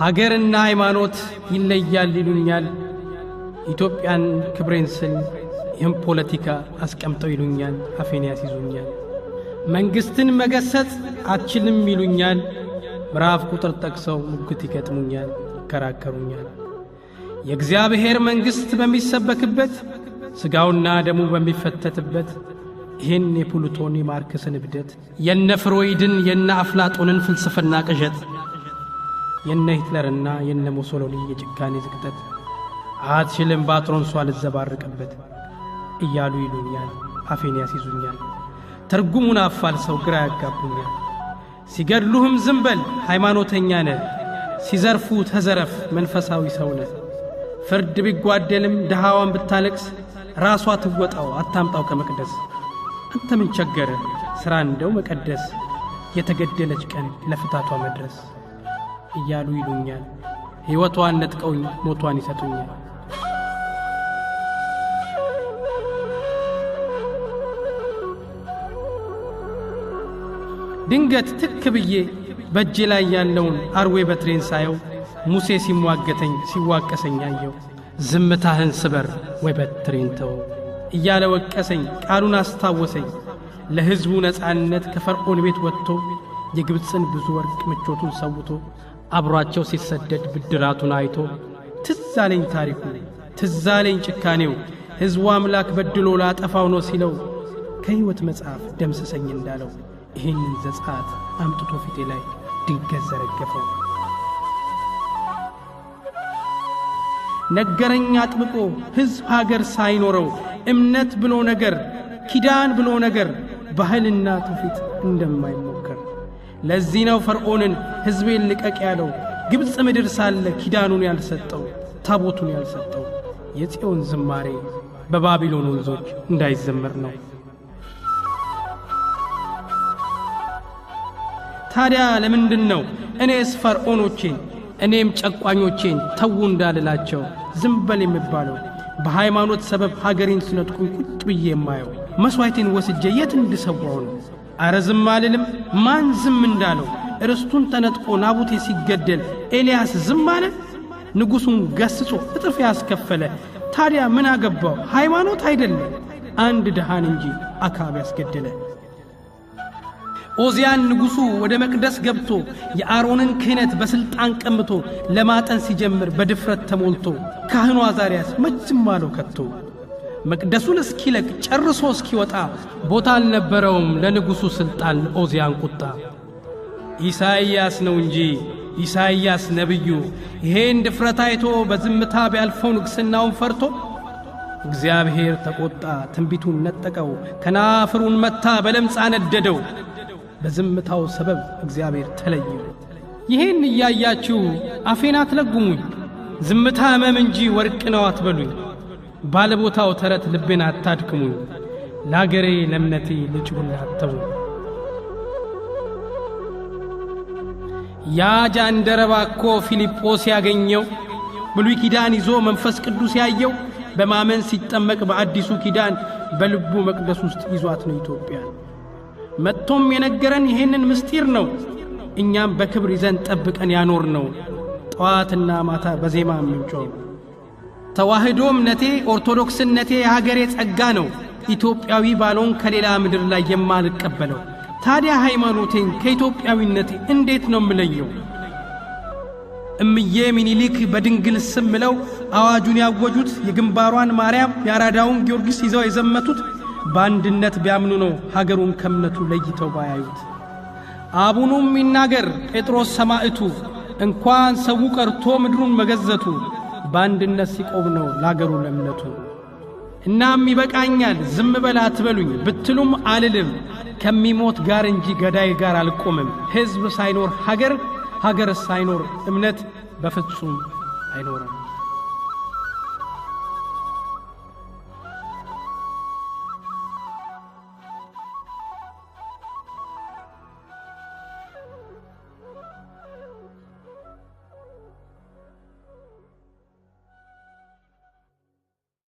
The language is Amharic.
ሀገርና ሃይማኖት ይለያል ይሉኛል። ኢትዮጵያን ክብሬን ስል ይህም ፖለቲካ አስቀምጠው ይሉኛል፣ አፌን ያስይዙኛል። መንግሥትን መገሰጽ አችልም ይሉኛል። ምዕራፍ ቁጥር ጠቅሰው ሙግት ይገጥሙኛል፣ ይከራከሩኛል። የእግዚአብሔር መንግሥት በሚሰበክበት ሥጋውና ደሙ በሚፈተትበት ይህን የፕሉቶን የማርክስን እብደት የነ ፍሮይድን የነ አፍላጦንን ፍልስፍና ቅዠት የነ ሂትለርና የነ ሞሶሎኒ የጭካኔ ዝቅጠት አትችልም ባትሮንሷ ልዘባርቅበት እያሉ ይሉኛል፣ አፌን ያስይዙኛል፣ ትርጉሙን ሰው ግራ ያጋቡኛል። ሲገድሉህም ዝምበል ሃይማኖተኛ ነ ሲዘርፉ ተዘረፍ መንፈሳዊ ሰው ነህ። ፍርድ ቢጓደልም ድሃዋን ብታለቅስ ራሷ ትወጣው አታምጣው ከመቅደስ። አንተ ምን ቸገረ ሥራ እንደው መቀደስ የተገደለች ቀን ለፍታቷ መድረስ እያሉ ይሉኛል። ሕይወቷን ነጥቀውኝ ሞቷን ይሰጡኛል። ድንገት ትክ ብዬ በእጄ ላይ ያለውን አርዌ በትሬን ሳየው ሙሴ ሲሟገተኝ ሲዋቀሰኝ አየው። ዝምታህን ስበር ወይ በትሬን ተው እያለ ወቀሰኝ። ቃሉን አስታወሰኝ። ለሕዝቡ ነፃነት ከፈርዖን ቤት ወጥቶ የግብፅን ብዙ ወርቅ ምቾቱን ሰውቶ አብሯቸው ሲሰደድ ብድራቱን አይቶ ትዛለኝ ታሪኩ ትዛለኝ ጭካኔው ሕዝቡ አምላክ በድሎ ላጠፋው ነው ሲለው ከሕይወት መጽሐፍ ደምስሰኝ እንዳለው ይህንን ዘጻት አምጥቶ ፊቴ ላይ ድንገት ዘረገፈው። ነገረኝ አጥብቆ ሕዝብ ሀገር ሳይኖረው እምነት ብሎ ነገር ኪዳን ብሎ ነገር ባህልና ትውፊት እንደማይሞከር ለዚህ ነው ፈርዖንን ሕዝቤን ልቀቅ ያለው፣ ግብፅ ምድር ሳለ ኪዳኑን ያልሰጠው፣ ታቦቱን ያልሰጠው። የጽዮን ዝማሬ በባቢሎን ወንዞች እንዳይዘመር ነው። ታዲያ ለምንድን ነው እኔስ ፈርዖኖቼን እኔም ጨቋኞቼን ተዉ እንዳልላቸው ዝምበል በል የምባለው? በሃይማኖት ሰበብ ሀገሬን ስነጥቁኝ ቁጭ ብዬ የማየው መሥዋዕቴን ወስጄ የት እንድሰዋው ነው? አረ ዝም አልልም ማን ዝም እንዳለው ርስቱን ተነጥቆ ናቡቴ ሲገደል ኤልያስ ዝም አለ ንጉሡን ገስጾ እጥፍ ያስከፈለ ታዲያ ምን አገባው ሃይማኖት አይደለም አንድ ድሃን እንጂ አካብ ያስገደለ ኦዚያን ንጉሡ ወደ መቅደስ ገብቶ የአሮንን ክህነት በሥልጣን ቀምቶ ለማጠን ሲጀምር በድፍረት ተሞልቶ ካህኑ አዛርያስ መች አለው ከቶ መቅደሱን እስኪለቅ ጨርሶ እስኪወጣ ቦታ አልነበረውም ለንጉሡ ሥልጣን ኦዝያን ቁጣ። ኢሳይያስ ነው እንጂ ኢሳይያስ ነቢዩ ይሄን ድፍረት አይቶ በዝምታ ቢያልፈው ንግሥናውን ፈርቶ እግዚአብሔር ተቆጣ፣ ትንቢቱን ነጠቀው፣ ከናፍሩን መታ፣ በለምጻ አነደደው። በዝምታው ሰበብ እግዚአብሔር ተለየ። ይሄን እያያችሁ አፌን አትለጉሙኝ፣ ዝምታ ሕመም እንጂ ወርቅ ነው አትበሉኝ። ባለቦታው ተረት ልቤን አታድክሙ ለአገሬ ለእምነቴ ልጅ ሁላ ያ ጃንደረባ እኮ ፊልጶስ ያገኘው ብሉይ ኪዳን ይዞ መንፈስ ቅዱስ ያየው በማመን ሲጠመቅ በአዲሱ ኪዳን በልቡ መቅደስ ውስጥ ይዟት ነው ኢትዮጵያ። መጥቶም የነገረን ይህንን ምስጢር ነው። እኛም በክብር ይዘን ጠብቀን ያኖር ነው ጠዋትና ማታ በዜማ ምንጮ ተዋህዶ እምነቴ ኦርቶዶክስነቴ የሀገሬ ጸጋ ነው። ኢትዮጵያዊ ባልሆን ከሌላ ምድር ላይ የማልቀበለው ታዲያ ሃይማኖቴን ከኢትዮጵያዊነቴ እንዴት ነው ምለየው እምዬ ሚኒሊክ በድንግል ስም ምለው አዋጁን ያወጁት የግንባሯን ማርያም የአራዳውን ጊዮርጊስ ይዘው የዘመቱት በአንድነት ቢያምኑ ነው ሀገሩን ከእምነቱ ለይተው ባያዩት። አቡኑም ይናገር ጴጥሮስ ሰማዕቱ እንኳን ሰው ቀርቶ ምድሩን መገዘቱ በአንድነት ሲቆም ነው ላገሩ ለእምነቱ። እናም ይበቃኛል ዝም በል አትበሉኝ ብትሉም አልልም ከሚሞት ጋር እንጂ ገዳይ ጋር አልቆምም። ሕዝብ ሳይኖር ሀገር፣ ሀገር ሳይኖር እምነት በፍጹም አይኖርም።